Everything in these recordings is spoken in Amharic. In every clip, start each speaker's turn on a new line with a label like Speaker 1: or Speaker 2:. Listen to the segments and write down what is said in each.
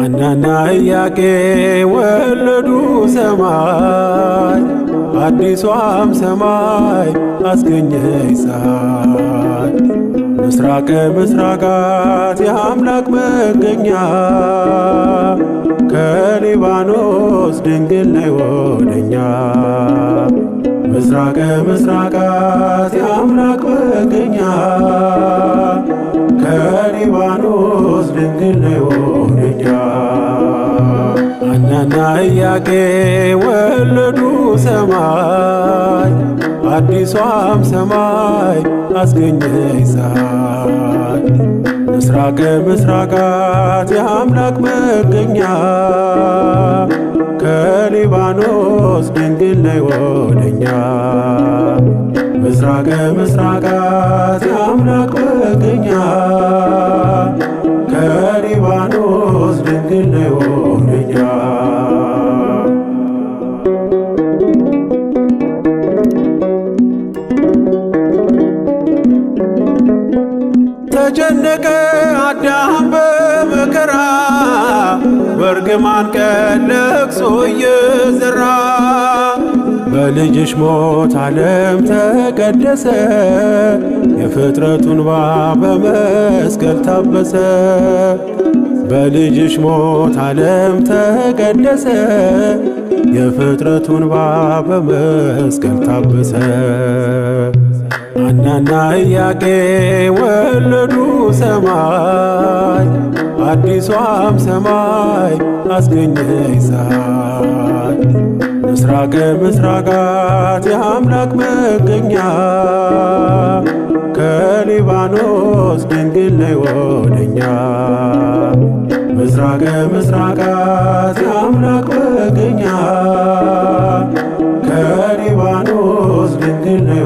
Speaker 1: አናና ኢያቄም ወለዱ ሰማይ አዲሷም ሰማይ አስገኘኝ ፀሐይ ምስራቀ ምስራቃት የአምላክ መገኛ ከሊባኖስ ድንግል ላይ ወደኛ ምስራቀ ምስራቃት የአምላክ መገኛ ከሊባኖስ ድንግል ላይ ወደኛ አናና ኢያቄ ወለዱ ሰማይ አዲሷም ሰማይ አስገኘ ፀሐይ ምስራቅ ምስራቃት የአምላክ መገኛ ከሊባኖስ ድንግል ነይ ወደኛ ምስራቅ ምስራቃት የአምላክ መገኛ ከሊባኖስ ድንግል ነይ በርግማን ቀን ለቅሶ እየዘራ በልጅሽ ሞት ዓለም ተቀደሰ፣ የፍጥረቱን ባ በመስቀል ታበሰ። በልጅሽ ሞት ዓለም ተቀደሰ፣ የፍጥረቱን ባ በመስቀል ታበሰ። ሐናና ኢያቄም ወለዱ ሰማይ አዲሷም ሰማይ አስገኘኝ ፀሐይ ምስራቀ ምስራቃት የአምላክ መገኛ ከሊባኖስ ድንግል ነይ ወደኛ ምስራቀ ምስራቃት የአምላክ መገኛ ከሊባኖስ ድንግል ነይ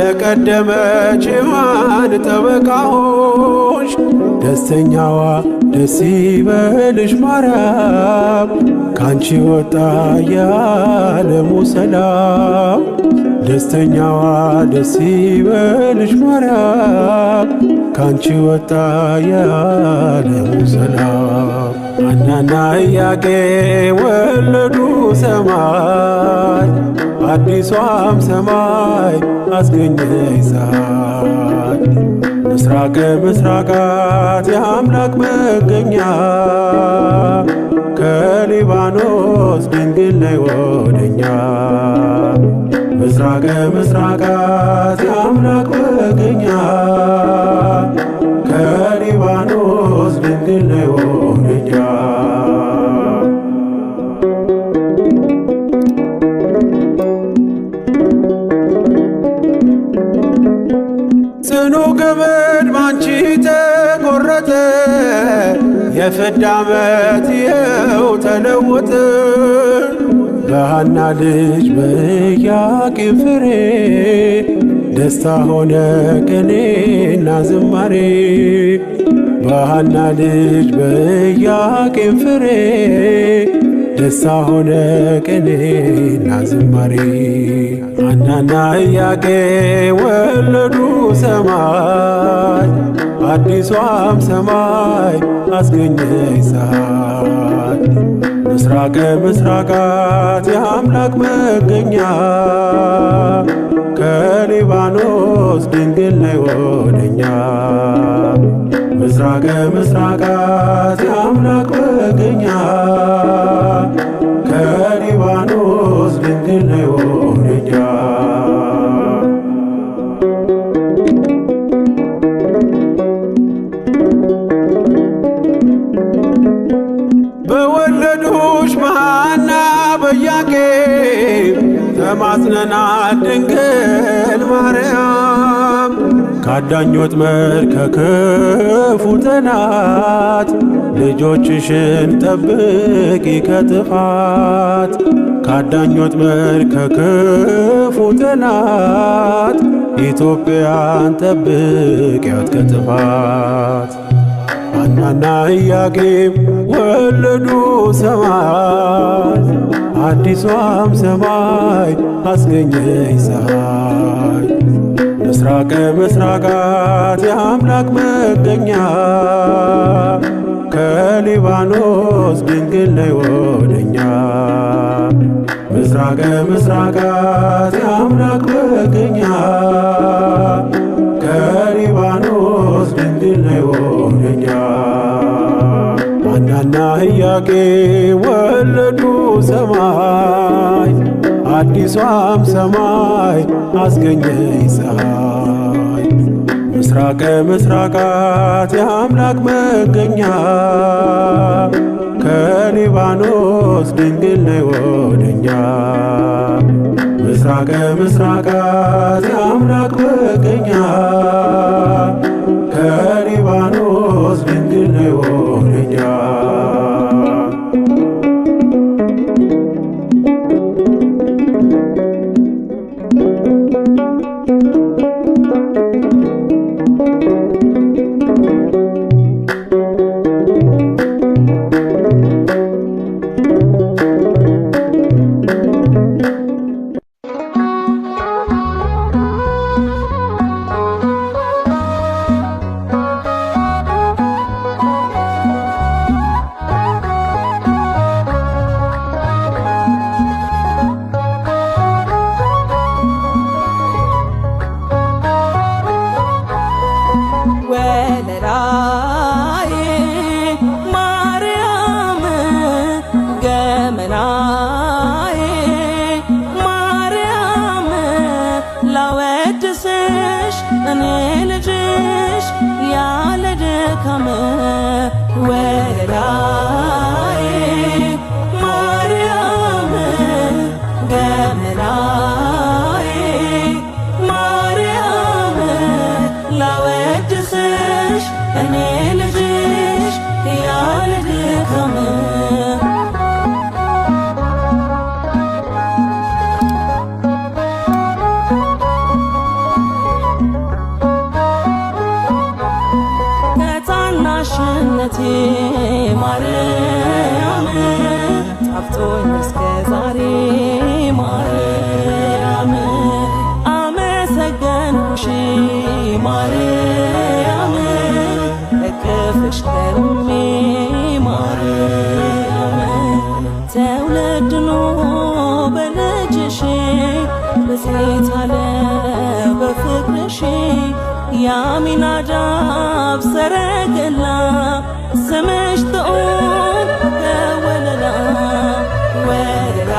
Speaker 1: ለቀደመች ሕማን ጠበቃዎች ደስተኛዋ ደስ ይበልሽ ማርያም፣ ካንቺ ወጣ የዓለሙ ሰላም። ደስተኛዋ ደስ ይበልሽ ማርያም፣ ካንቺ ወጣ የዓለሙ ሰላም። አናና እያቄ ወለዱ ሰማይ አዲሷም ሰማይ አስገኘ ፀሐይ ምስራቅ ምስራቃት የአምላክ መገኛ ከሊባኖስ ድንግል ነይ ወደኛ ምስራቅ ምስራቃት የአምላክ መገኛ ከሊባኖስ ድንግል ነይ ወደኛ የፍዳ ዓመት ይኸው ተለወጥን ልጅ በኢያቄም ፍሬ ደስታ ሆነ ቅኔና ዝማሬ በሃና ልጅ በኢያቄም ፍሬ ደስታ ሆነ ቅኔና ዝማሬ አናና እያቄ ወለዱ ሰማይ አዲሷም ሰማይ አስገኘ ሰዓት ምስራቀ ምስራቃት የአምላክ መገኛ ከሊባኖስ ድንግል ነይ ወደኛ ምስራቀ ምስራቃት የአምላክ መገኛ ድንግል ማርያም ካዳኝ ወጥመድ ከክፉ ጠላት ልጆችሽን ጠብቂ ከጥፋት ካዳኝ ወጥመድ ከክፉ ጠላት ኢትዮጵያን ጠብቂያት ከጥፋት ሐናና ኢያቄም ወለዱ ሰማዕት አዲሷም ሰማይ አስገኘኝ ፀሐይ ምስራቀ ምስራቃት የአምላክ መገኛ ከሊባኖስ ድንግል ነይ ወደኛ ምስራቀ ምስራቃት የአምላክ መገኛ ከሊባኖስ ድንግል ነይ ወደኛ ዳና እያቄ ወለዱ ሰማይ አዲሷም ሰማይ አስገኘኝ ፀሐይ ምስራቀ ምስራቃት የአምላክ መገኛ ከሊባኖስ ድንግል ነይ ወደኛ ምስራቀ ምስራቃት የአምላክ መገኛ ከሊባኖስ ድንግል ነይ ወደ Yeah. ያሚናዳብ ሰረገላ ስምሽ ጥዑም ከወለላ ወራ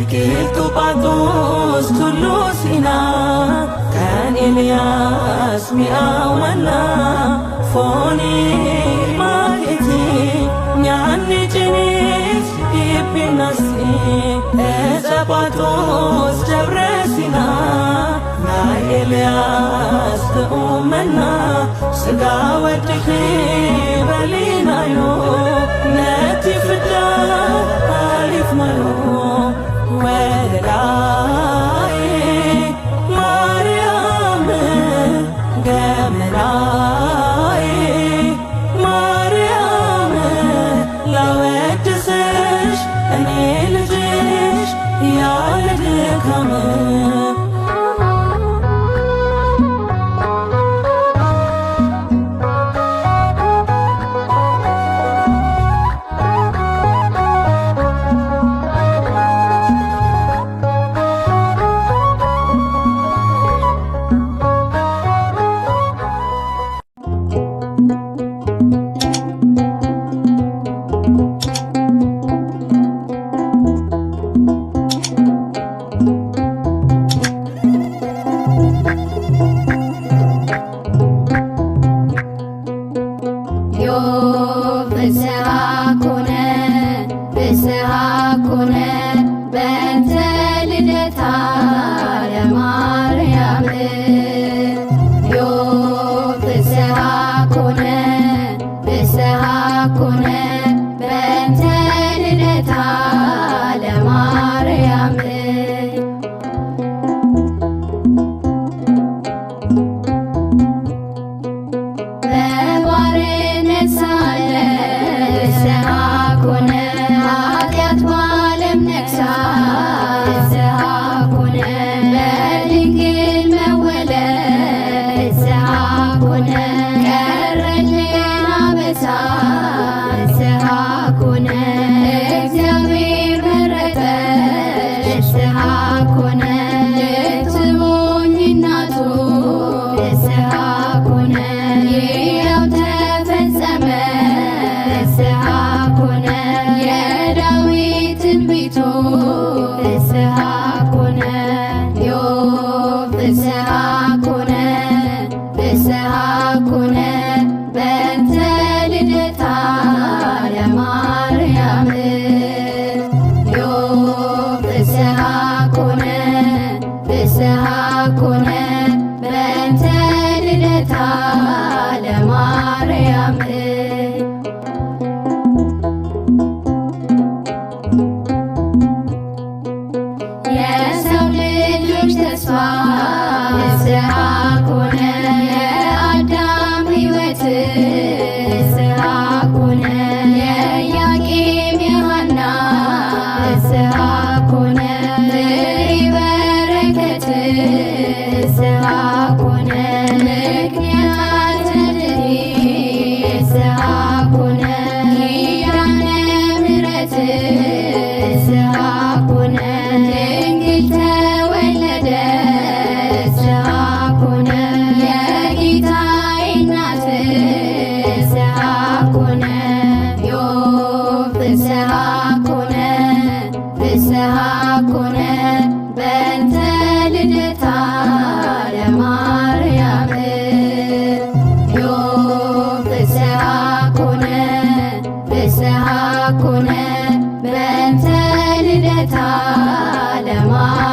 Speaker 1: biqiltu Phaagos tulluu Siinaa kan Eeliyaas mi'aawannaa foonii maatii nyaanni ciniis dhiibbinas eessa Phaagos dabree Siinaa na Eeliyaas ta'uu mannaa sigaa waddi fi bal'inaa yoo.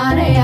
Speaker 1: Hare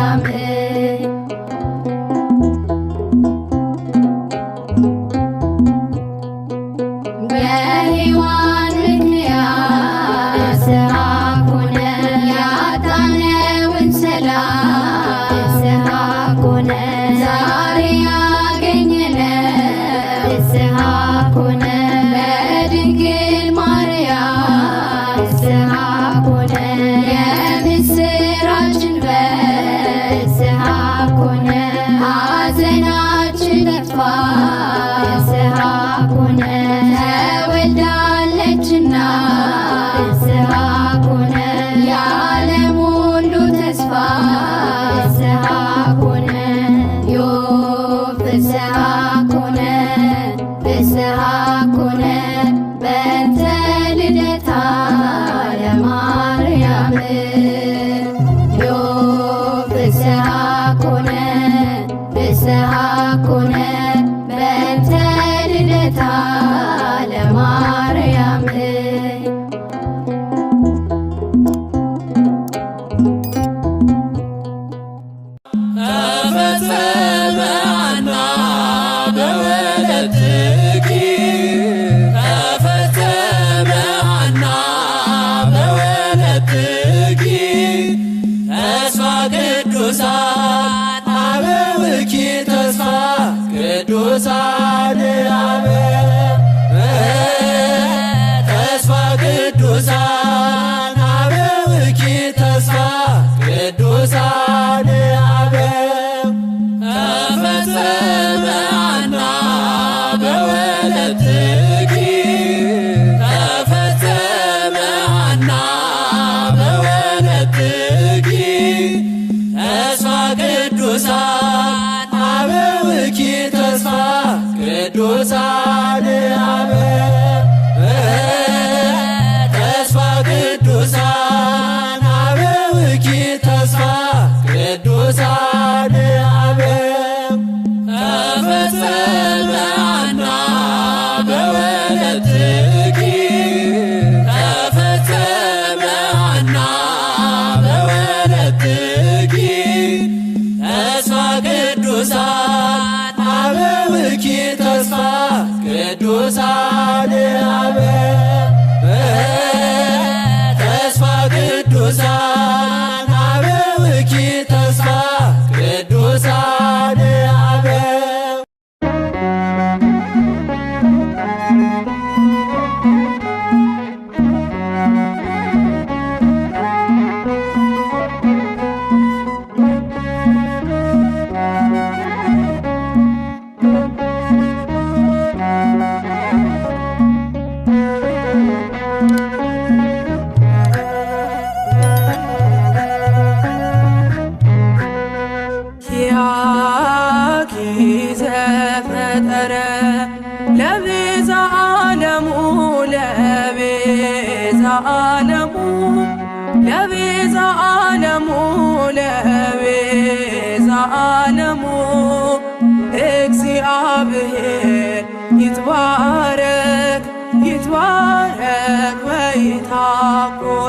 Speaker 1: থাকো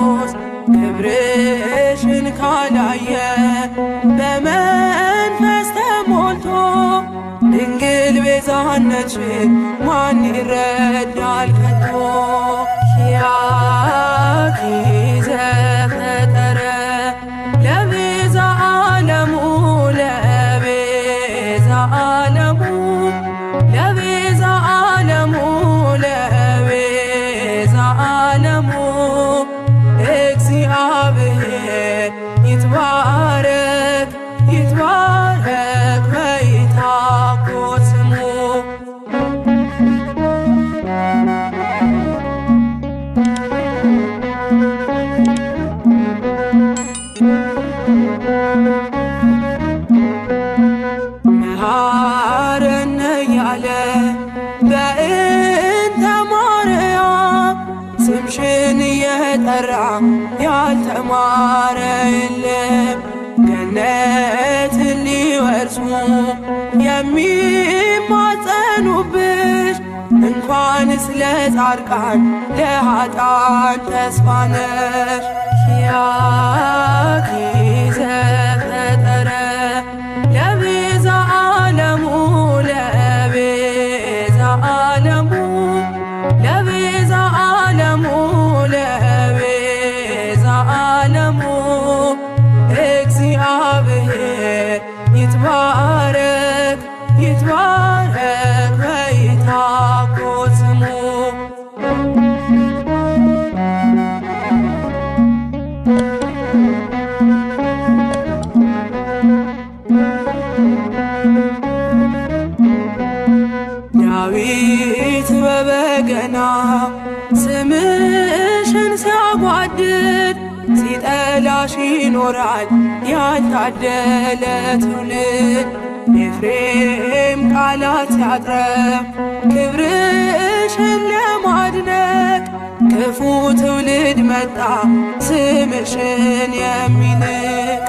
Speaker 1: ክርስቶስ ክብርሽን ካላየ በመንፈስ ተሞልቶ ድንግል ቤዛነትሽን ማን ይረዳል ከቶ ያኪ ዘፈጠ ያልተማረ የለም ገነትን ሊወርሱ የሚማጸኑብሽ እንኳንስ ለጻድቃን ለኃጥአን ተስፋ ነሽ ያኪዘ heart. በዙሪያሽ ይኖራል ያልታደለ ትውልድ። ኤፍሬም ቃላት ያጥረብ ክብርሽን ለማድነቅ ክፉ ትውልድ መጣ ስምሽን የሚንቅ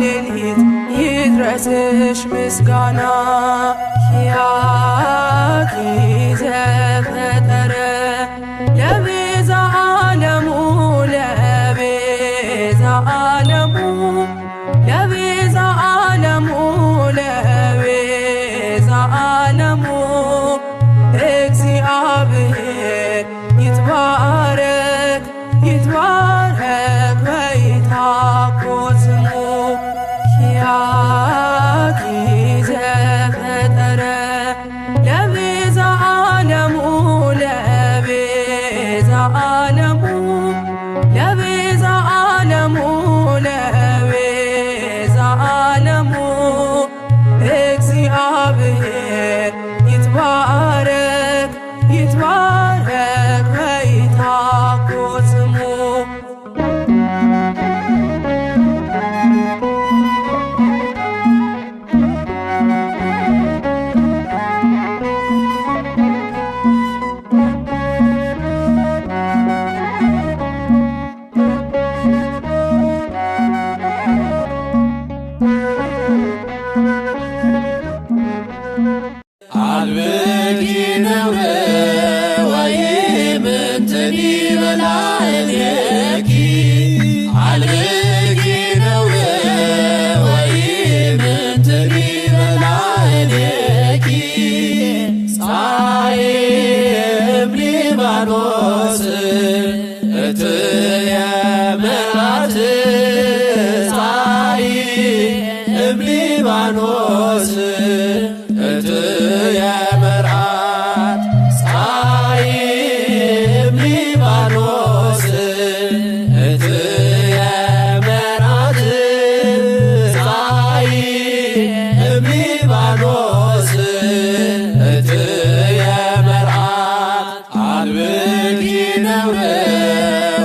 Speaker 1: ሌሊት ይድረስሽ ምስጋና ያኪዘ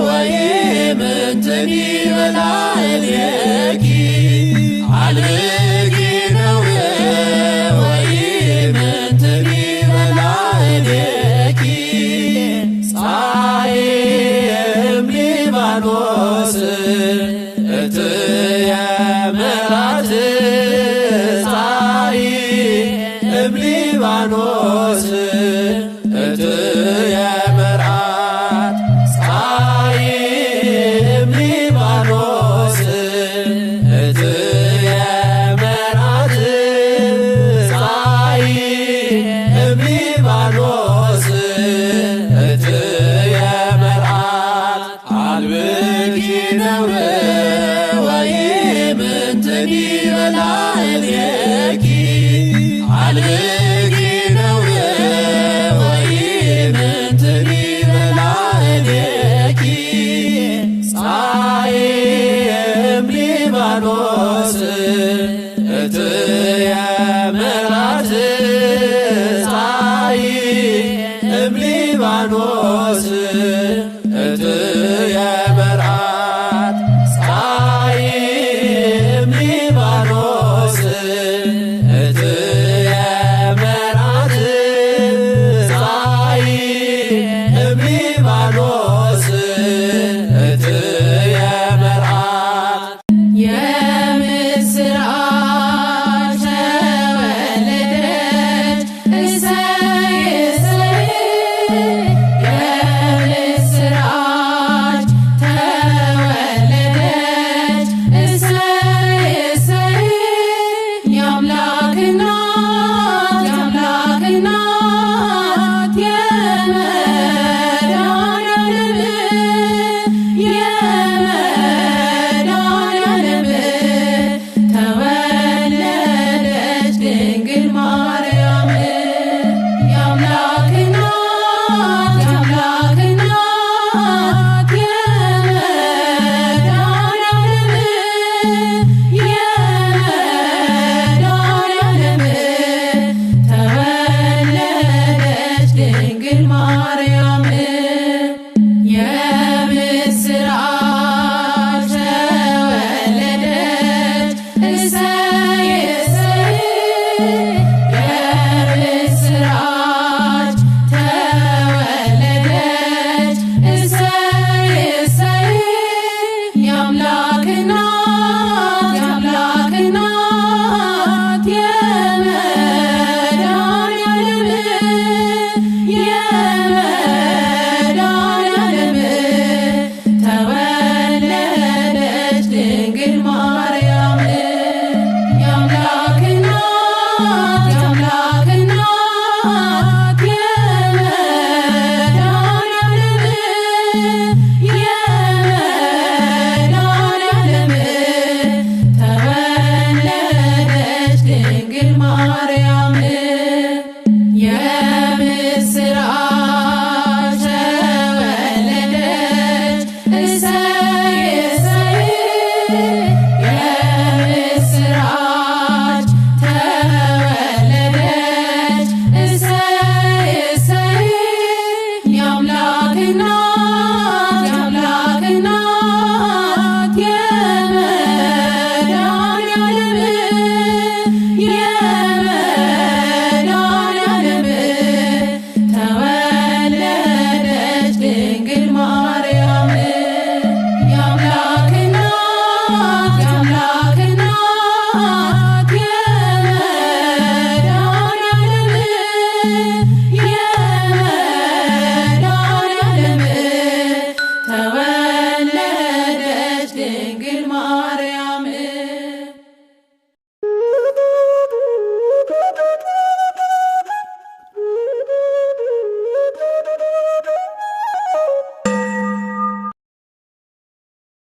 Speaker 1: ወይምንትኒ በላዕሌኪ